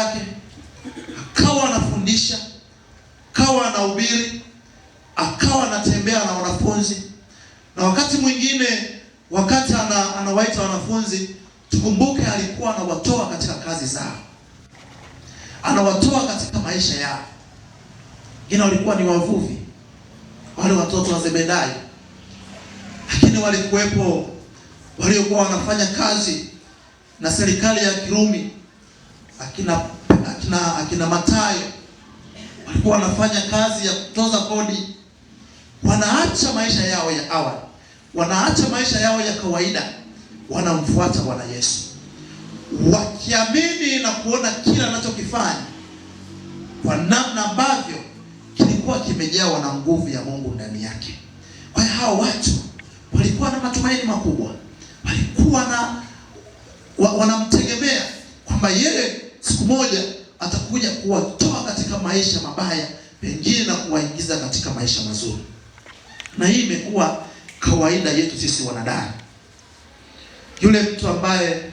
yake, akawa anafundisha, akawa anahubiri, akawa anatembea na wanafunzi, na wakati mwingine, wakati ana, anawaita wanafunzi, tukumbuke alikuwa anawatoa katika kazi zao, anawatoa katika maisha yao. Wengine walikuwa ni wavuvi, wale watoto wa Zebedai, lakini walikuwepo waliokuwa wanafanya kazi na serikali ya Kirumi akina akina akina Matayo walikuwa wanafanya kazi ya kutoza kodi, wanaacha maisha yao ya awali, wanaacha maisha yao ya kawaida, wanamfuata Bwana Yesu wakiamini na kuona kila anachokifanya kwa namna ambavyo kilikuwa kimejawa na nguvu ya Mungu ndani yake. Kwa hiyo hao watu walikuwa na matumaini makubwa, walikuwa na wanamtegemea kwamba yeye siku moja atakuja kuwatoa katika maisha mabaya, pengine na kuwaingiza katika maisha mazuri. Na hii imekuwa kawaida yetu sisi wanadamu. Yule mtu ambaye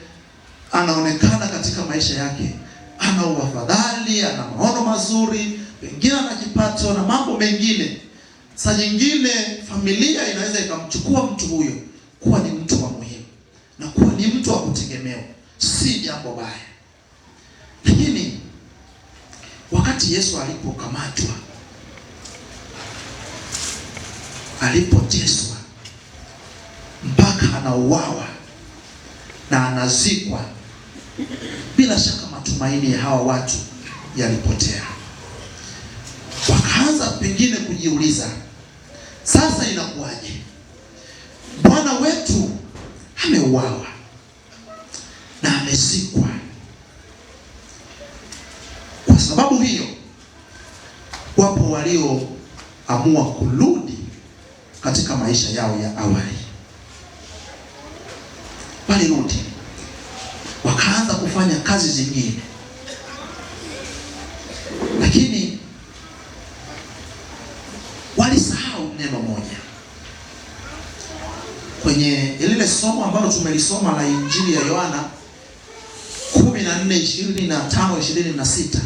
anaonekana katika maisha yake ana uafadhali, ana maono mazuri, pengine ana kipato na mambo mengine. Saa nyingine familia inaweza ikamchukua mtu huyo kuwa ni mtu wa muhimu na kuwa ni mtu wa kutegemewa, si jambo baya. Lakini wakati Yesu alipokamatwa, alipoteswa mpaka anauawa na anazikwa, bila shaka matumaini ya hawa watu yalipotea. Wakaanza pengine kujiuliza, sasa inakuwaje? Bwana wetu ameuawa na amezikwa walioamua kurudi katika maisha yao ya awali. Walirudi wakaanza kufanya kazi zingine, lakini walisahau neno moja kwenye lile somo ambalo tumelisoma la Injili ya Yohana 14:25 26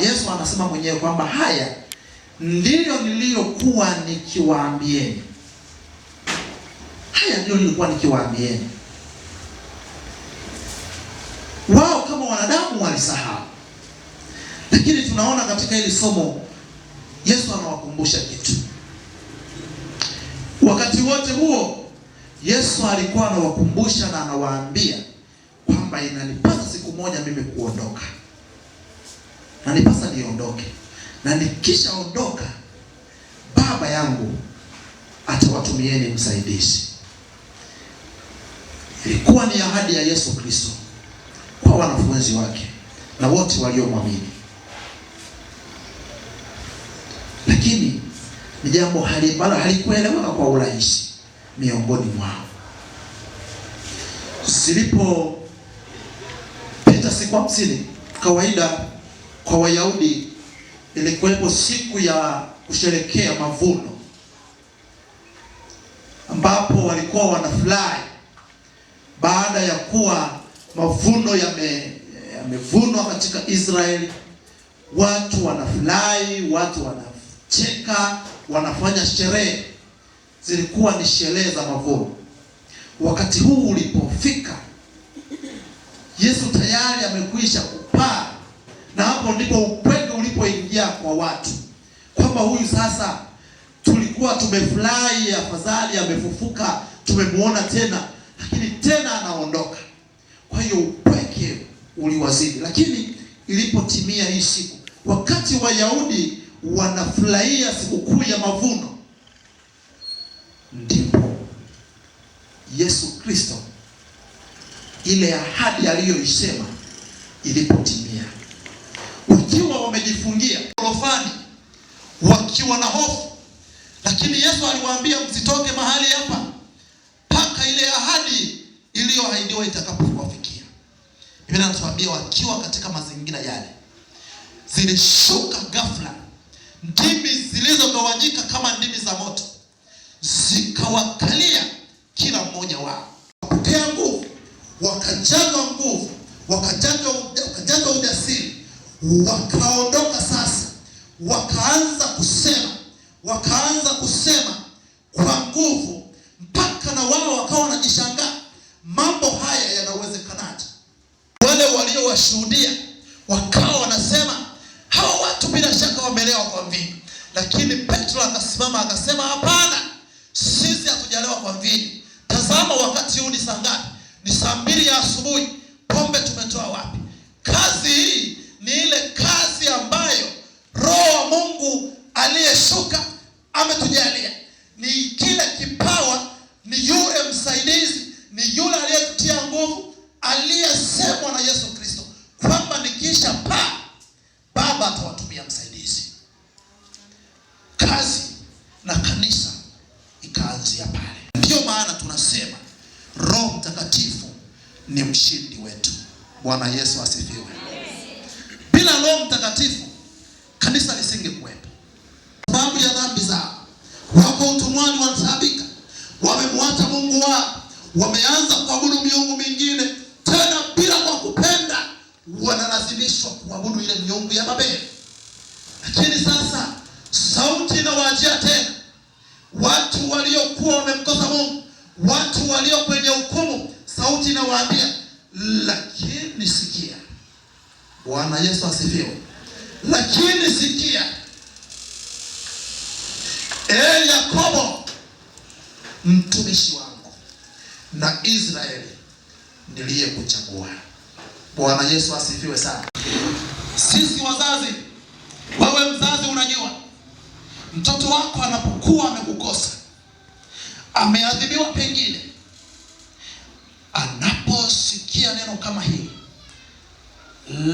Yesu anasema mwenyewe kwamba haya ndiyo niliyokuwa nikiwaambieni, haya ndiyo nilikuwa nikiwaambieni. Wao kama wanadamu walisahau, lakini tunaona katika hili somo Yesu anawakumbusha kitu. Wakati wote huo Yesu alikuwa anawakumbusha na anawaambia kwamba inanipasa siku moja mimi kuondoka na nipasa niondoke, na nikishaondoka baba yangu atawatumieni msaidizi. Ilikuwa ni ahadi ya Yesu Kristo kwa wanafunzi wake na wote waliomwamini, lakini ni jambo halikueleweka kwa urahisi miongoni mwao. Zilipopita siku hamsini kawaida kwa Wayahudi ilikuwepo siku ya kusherekea mavuno, ambapo walikuwa wanafurahi baada ya kuwa mavuno yamevunwa katika Israeli. Watu wanafurahi, watu wanacheka, wanafanya sherehe. Zilikuwa ni sherehe za mavuno. Wakati huu ulipofika, Yesu tayari amekwisha kupaa hapo ndipo upendo ulipoingia kwa watu, kwamba huyu sasa, tulikuwa tumefurahi, afadhali amefufuka, tumemwona tena, lakini tena anaondoka. Kwa hiyo upweke uliwazidi. Lakini ilipotimia hii siku, wakati Wayahudi wanafurahia sikukuu ya mavuno, ndipo Yesu Kristo ile ahadi aliyoisema ilipotimia wakiwa wamejifungia korofani wakiwa na hofu, lakini Yesu aliwaambia msitoke mahali hapa mpaka ile ahadi iliyoahidiwa itakapowafikia. Biblia inatuambia wakiwa katika mazingira yale, zilishuka ghafla ndimi zilizogawanyika kama ndimi za moto, zikawakalia kila mmoja wao, wakapotea nguvu, wakajazwa nguvu, wakajazwa ujasiri Wakaondoka sasa, wakaanza kusema, wakaanza kusema kwa nguvu, mpaka na wao wakawa wanajishangaa, mambo haya yanawezekanaje? Wale waliowashuhudia wakawa wanasema, hawa watu bila shaka wamelewa kwa mvinyo. Lakini Petro akasimama akasema, hapana, sisi hatujalewa kwa mvinyo. Tazama, wakati huu ni saa ngapi? Ni saa mbili ya asubuhi. Pombe tumetoa wapi? Kazi hii aliyeshuka ametujalia, ni kila kipawa, ni yule msaidizi, ni yule aliyetutia nguvu, aliyesemwa na Yesu Kristo kwamba nikisha pa Baba atawatumia msaidizi. Kazi na kanisa ikaanzia pale. Ndiyo maana tunasema Roho Mtakatifu ni mshindi wetu. Bwana Yesu asifiwe. Bila Roho Mtakatifu kanisa lisingekuwepo wako utumwani, wanasabika, wamemwacha Mungu wao, wameanza kuabudu miungu mingine, tena bila kwa kupenda, wanalazimishwa kuabudu ile miungu ya Babeli. Lakini sasa sauti inawajia tena, watu waliokuwa wamemkosa Mungu, watu walio kwenye hukumu, sauti inawaambia, lakini sikia. Bwana Yesu asifiwe. Lakini sikia Ee Yakobo mtumishi wangu na Israeli niliyekuchagua. Bwana Yesu asifiwe sana. Sisi wazazi, wewe mzazi, unajua mtoto wako anapokuwa amekukosa, ameadhibiwa, pengine anaposikia neno kama hili,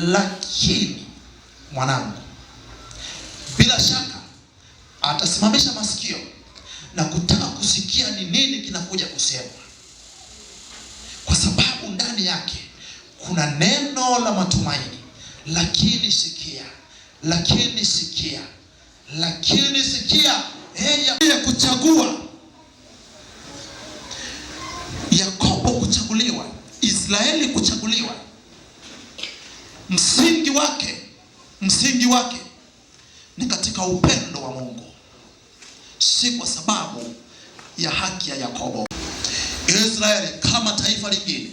lakini mwanangu, bila shaka atasimamisha masikio na kutaka kusikia ni nini kinakuja kusemwa, kwa sababu ndani yake kuna neno la matumaini. Lakini sikia, lakini sikia, lakini sikia, heya ya kuchagua Yakobo kuchaguliwa, Israeli kuchaguliwa, msingi wake msingi wake ni katika upendo wa Mungu si kwa sababu ya haki ya Yakobo. Israeli kama taifa lingine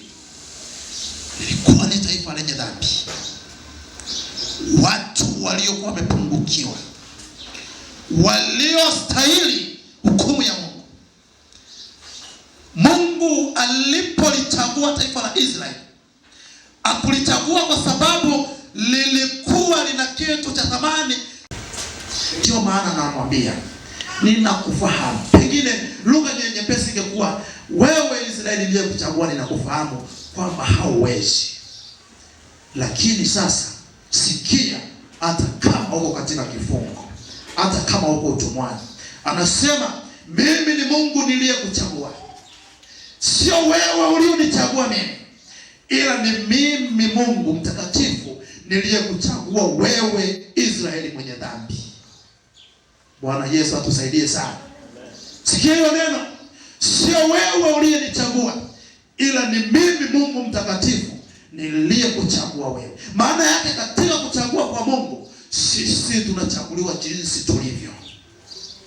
lilikuwa ni taifa lenye dhambi, watu waliokuwa wamepungukiwa, waliostahili hukumu ya Mungu. Mungu alipolichagua taifa la Israeli akulichagua kwa sababu lilikuwa lina kitu cha thamani. Ndio maana namwambia ninakufahamu. Pengine lugha nye nyepesi ingekuwa wewe Israeli ndiye kuchagua ninakufahamu, kwamba hauwezi. Lakini sasa sikia, hata kama uko katika kifungo, hata kama uko utumwani, anasema mimi ni Mungu niliyekuchagua, sio wewe ulionichagua mimi, ila ni mimi Mungu mtakatifu niliyekuchagua wewe Israeli mwenye dhambi. Bwana Yesu atusaidie sana. Sikia hiyo neno, sio wewe uliyenichagua, ila ni mimi Mungu mtakatifu niliyekuchagua wewe. Maana yake katika kuchagua kwa Mungu sisi tunachaguliwa jinsi tulivyo,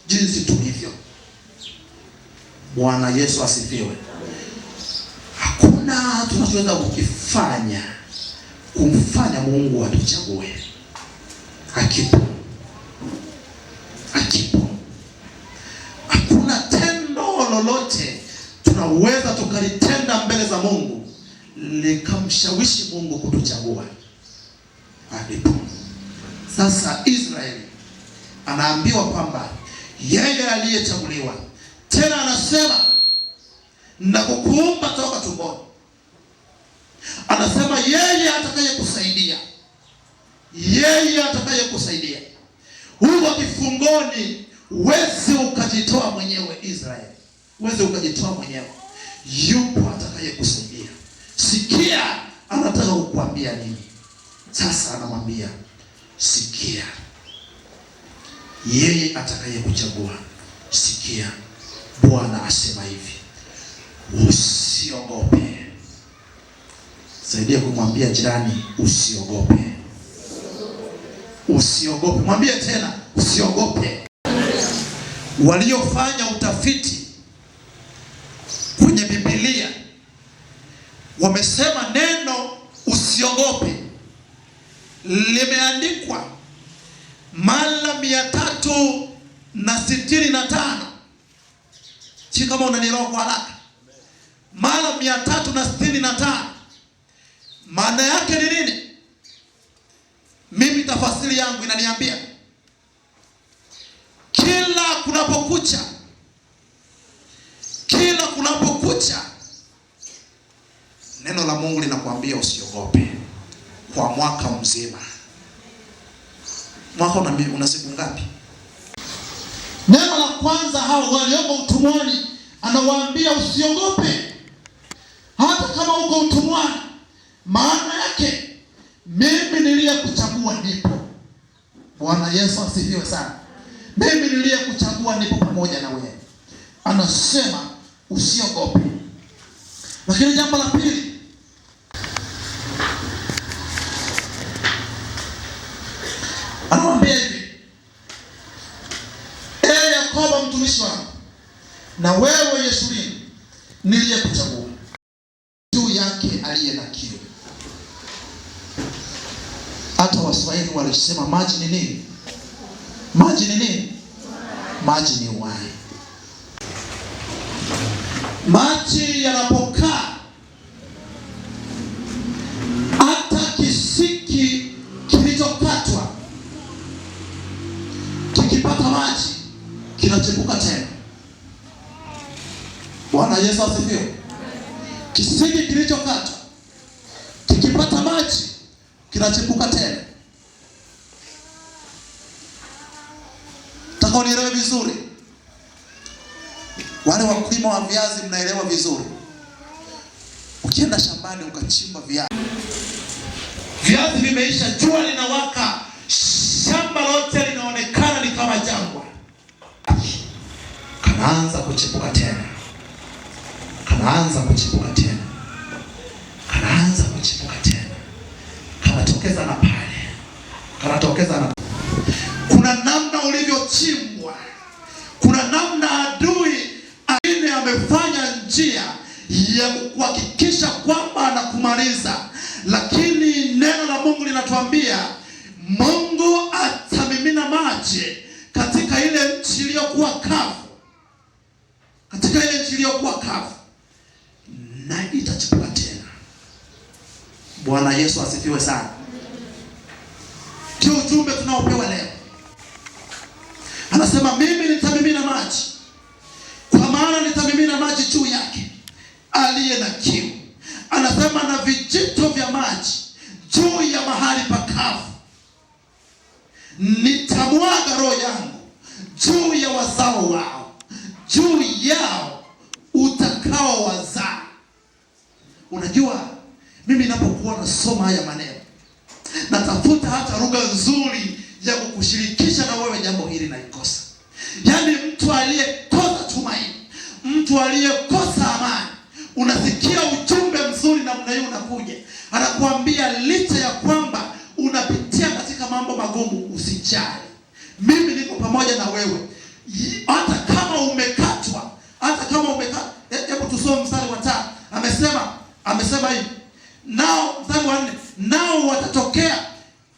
jinsi tulivyo. Bwana Yesu asifiwe. Hakuna tunachoweza kukifanya kumfanya Mungu atuchague, hakipo. lolote tunaweza tukalitenda mbele za Mungu likamshawishi Mungu kutuchagua. Ndipo sasa Israeli anaambiwa kwamba yeye aliyechaguliwa, tena anasema na kukuumba toka tumboni, anasema yeye atakayekusaidia, yeye atakayekusaidia. Huko kifungoni, wezi ukajitoa mwenyewe Israeli uweze ukajitoa mwenyewe. Yupo atakayekusaidia. Sikia anataka kukwambia nini. Sasa anamwambia sikia, yeye atakayekuchagua sikia, Bwana asema hivi, usiogope. Saidia kumwambia jirani, usiogope, usiogope. Mwambie tena, usiogope. Waliofanya utafiti wamesema neno usiogope limeandikwa mara mia tatu na sitini na tano si kama unanielewa kwa haraka, mara mia tatu na sitini na tano maana yake ni nini? Mimi tafasiri yangu inaniambia kila kunapokucha, kila kunapokucha Neno la Mungu linakwambia usiogope kwa mwaka mzima. Mwaka una, una siku ngapi? Neno la kwanza hao walioko utumwani anawaambia usiogope, hata kama uko utumwani. Maana yake mimi niliyekuchagua nipo. Bwana Yesu asifiwe sana. Mimi niliyekuchagua nipo pamoja na wewe, anasema usiogope. Lakini jambo la pili na wewe Yesu mimi niliyekuchagua juu yake aliye na kiu. Hata Waswahili walisema maji ni nini? Maji ni nini? Maji ni uhai. Maji yanapo Yesu asifiwe. Kisiki kilichokatwa kikipata maji kinachipuka tena. Nataka unielewe vizuri, wale wakulima wa viazi mnaelewa vizuri. Ukienda shambani ukachimba viazi, viazi vimeisha, jua linawaka, shamba lote linaonekana ni kama jangwa, kanaanza kuchipuka tena anaanza kuchipuka tena, anaanza kuchipuka tena, kanatokeza na pale, kanatokeza na. Kuna namna ulivyochimbwa, kuna namna adui aine amefanya njia ya kuhakikisha kwamba anakumaliza, lakini neno la Mungu linatuambia Mungu nitamwaga roho yangu juu ya wazao wao, juu yao utakao wazaa. Unajua, mimi napokuwa nasoma haya maneno, natafuta hata lugha nzuri ya kukushirikisha na wewe jambo hili, naikosa. Yaani mtu aliyekosa tumaini, mtu aliyekosa amani, unasikia ujumbe mzuri namna hiyo unakuja, anakuambia licha ya kwamba unapitia mambo magumu usijali, mimi niko pamoja na wewe, hata kama umekatwa, hata kama umekatwa. Hebu tusome mstari wa tano. Amesema amesema hivi nao, mstari wa nne, nao watatokea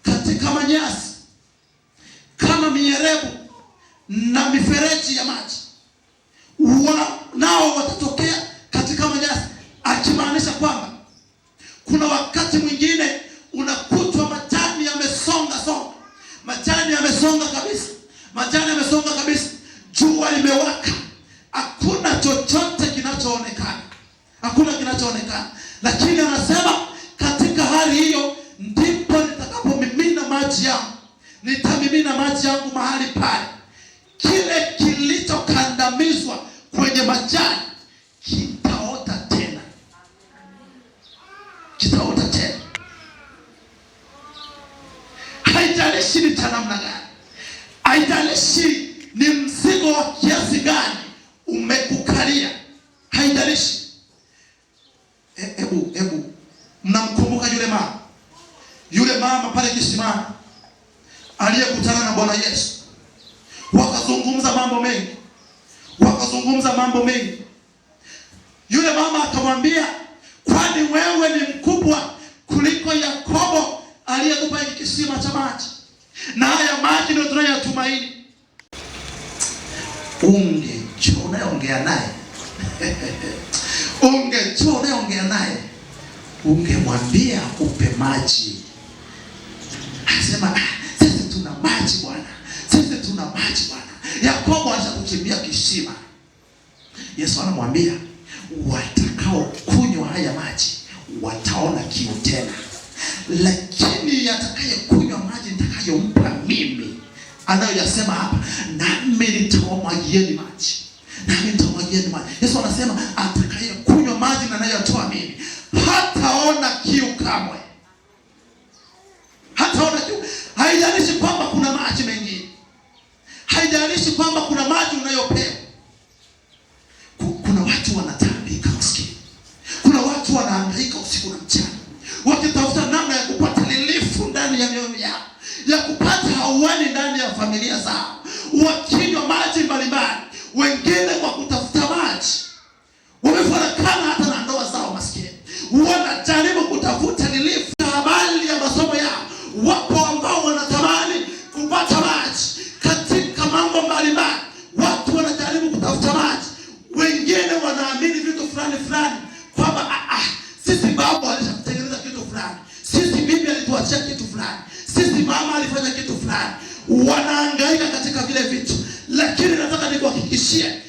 katika manyasi kama mierebu na mifereji ya maji wa kusema yule mama pale kisimani aliyekutana na Bwana Yesu, wakazungumza mambo mengi, wakazungumza mambo mengi. Yule mama akamwambia, kwani wewe ni mkubwa kuliko Yakobo aliyekupa hiki kisima cha maji, na haya maji ndio tunayotumaini. Unge Ungejua unayeongea naye unge ungejua unayeongea naye ungemwambia upe maji. Anasema ah, sisi tuna maji bwana, sisi tuna maji bwana. Yakobo acha kuchimbia kisima. Yesu anamwambia watakao kunywa haya maji wataona kiu tena, lakini yatakaye kunywa maji nitakayompa mimi anayoyasema hapa, nami nitawamwagieni maji, nami nitawamwagieni maji. Yesu anasema haijalishi kwamba kuna maji mengine, haijalishi kwamba kuna maji unayopewa. Kuna watu wanataabika maskini, kuna watu wanaangaika usiku na mchana wakitafuta namna ya kupata lilifu ndani ya mioyo yao, ya kupata hauani ndani ya familia zao, wakinywa maji mbalimbali, wengine kwa kutafuta maji wamefarakana hata na ndoa zao maskini, wanajaribu kutafuta fulani kwamba ah, ah, sisi baba alishatengeneza kitu fulani, sisi bibi alituachia kitu fulani, sisi mama alifanya kitu fulani, wanaangaika katika vile vitu, lakini nataka nikuhakikishie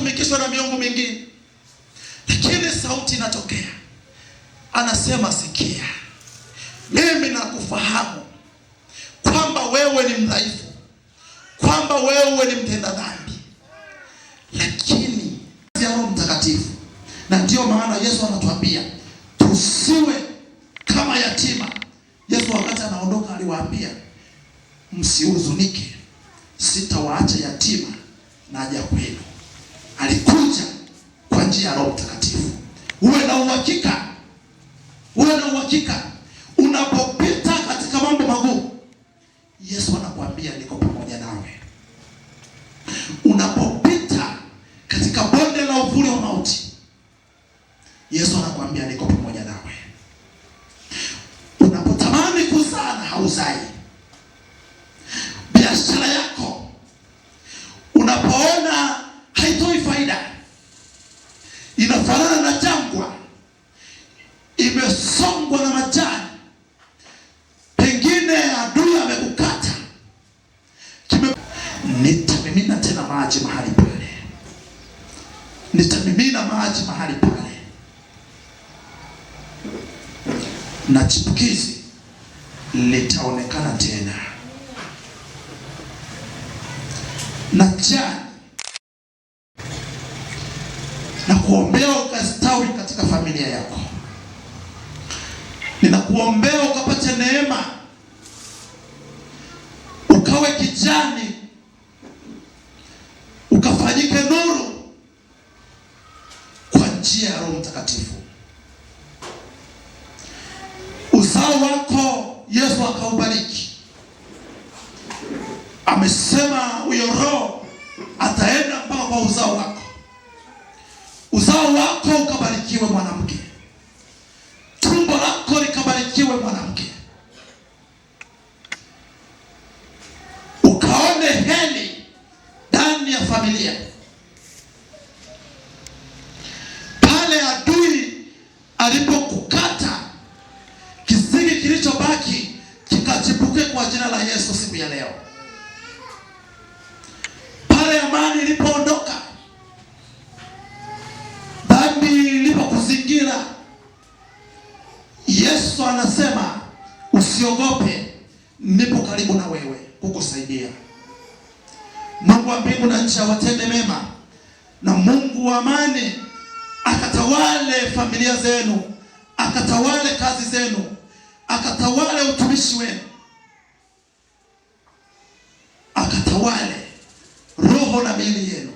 kutumikishwa na miungu mingine, lakini sauti inatokea, anasema sikia, mimi nakufahamu kwamba wewe ni mdhaifu, kwamba wewe ni mtenda dhambi, lakini Roho Mtakatifu. Na ndiyo maana Yesu anatuambia tusiwe kama yatima. Yesu wakati anaondoka aliwaambia, msihuzunike, sitawaacha yatima na haja kwenu. uhakika, uwe na uhakika unapopita katika mambo magumu, Yesu anakuambia niko pamoja nawe. Unapopita katika bonde la uvuli wa mauti, Yesu anakuambia niko pamoja nawe. Unapotamani kuzaa na hauzai chipukizi litaonekana tena, na jani na kuombea ukastawi katika familia yako, ninakuombea ukapate neema, ukawe kijani, ukafanyike nuru kwa njia ya Roho Mtakatifu. moyo wako Yesu akaubariki. Amesema huyo roho ataenda mpaka kwa uzao wako, uzao wako ukabarikiwe, mwanamke, tumbo lako likabarikiwe, mwanamke, ukaone heri ndani ya familia ya leo. Pale amani ilipoondoka, dhambi ilipokuzingira, Yesu anasema usiogope, nipo karibu na wewe kukusaidia. Mungu wa mbingu na nchi awatende mema, na Mungu wa amani akatawale familia zenu, akatawale kazi zenu, akatawale utumishi wenu akatawale roho na miili yenu,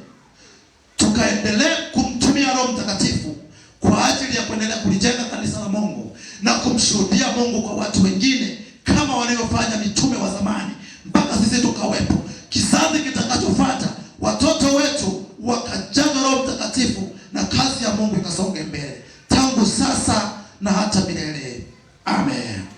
tukaendelee kumtumia Roho Mtakatifu kwa ajili ya kuendelea kulijenga kanisa la Mungu na kumshuhudia Mungu kwa watu wengine kama walivyofanya mitume wa zamani mpaka sisi tukawepo. Kizazi kitakachofuata watoto wetu wakajaza Roho Mtakatifu na kazi ya Mungu ikasonge mbele tangu sasa na hata milele. Amen.